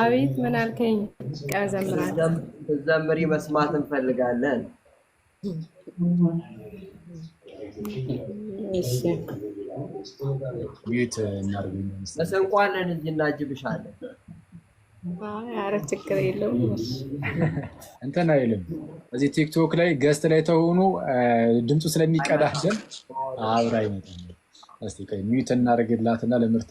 አቤት ምን አልከኝ? ቀዘምራል ዘምሪ መስማት እንፈልጋለን። በሰንቋለን እንጂ እናጅብሻለን። ኧረ ችግር የለውም እንትን አይልም። እዚህ ቲክቶክ ላይ ገስት ላይ ተሆኑ ድምፁ ስለሚቀዳለን አብራ ይመጣል። ሚዩት እናደርግላትና ለምርት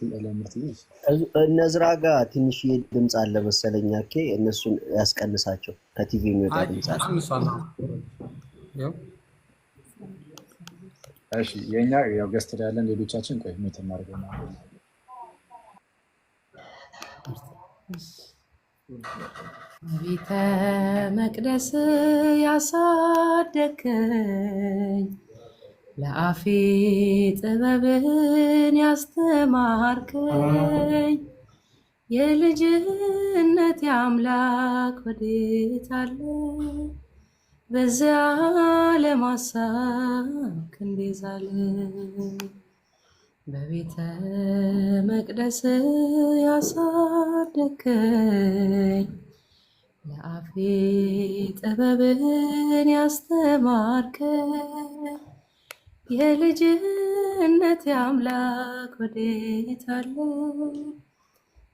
እነዝራ ጋር ትንሽ ድምፅ አለ መሰለኛ። ኬ እነሱን ያስቀንሳቸው ከቲቪ የሚወጣ ድምፅ እሺ የእኛ ያው ገስት ላይ ያለን ሌሎቻችን፣ ቆይ ሚዩት እናደርገ ቤተ መቅደስ ያሳደከኝ ለአፌ ጥበብን ያስተማርከኝ የልጅነት አምላክ ወዴት አለ? በዚያ ለማሳክ እንዴዛለ በቤተ መቅደስ ያሳደከኝ ለአፌ ጥበብን ያስተማርከኝ የልጅነት አምላክ ወዴት አለ?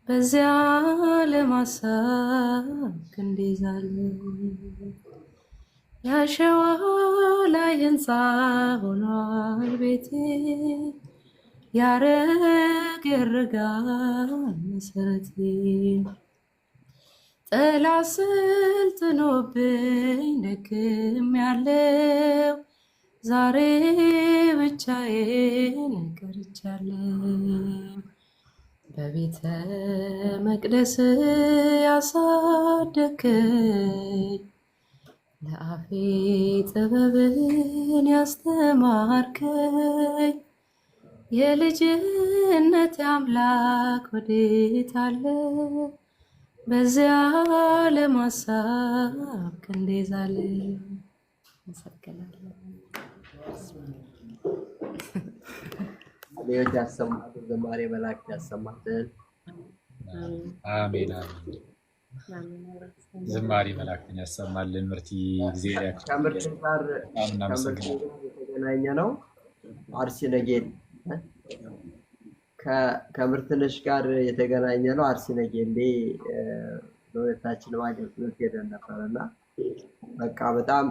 በዚያ ለማሳብ ክንዲዛለ ያሸዋ ላይ ህንፃ ሆኗል ቤቴ ያረግ ያረጋል መሰረቴ ጠላ ስልጥኖብኝ ደክም ያለው ዛሬ ብቻዬን ቀርቻለሁ። በቤተ መቅደስ ያሳደከኝ ለአፌ ጥበብን ያስተማርከኝ የልጅነት አምላክ ወዴት አለ? በዚያ ለማሳብ ክንዴዛለ ሌሎች ያሰማትን ዝማሬ መላእክት ያሰማትን። አሜን ዝማሬ መላክትን ያሰማልን። ምርት ጊዜ ጋር የተገናኘ ነው። አርሲ ነጌል ከምርትነሽ ጋር የተገናኘ ነው። አርሲ ነጌሌ ለሁለታችንም አገልግሎት ሄደን ነበረ እና በቃ በጣም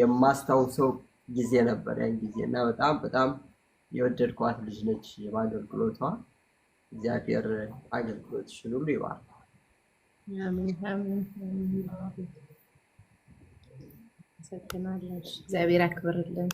የማስታውሰው ጊዜ ነበር ያን ጊዜ እና በጣም በጣም የወደድኳት ልጅ ነች። በአገልግሎቷ እግዚአብሔር አገልግሎትሽን ሁሉ ይባል። ሰጥናለሽ እግዚአብሔር አክብርልን።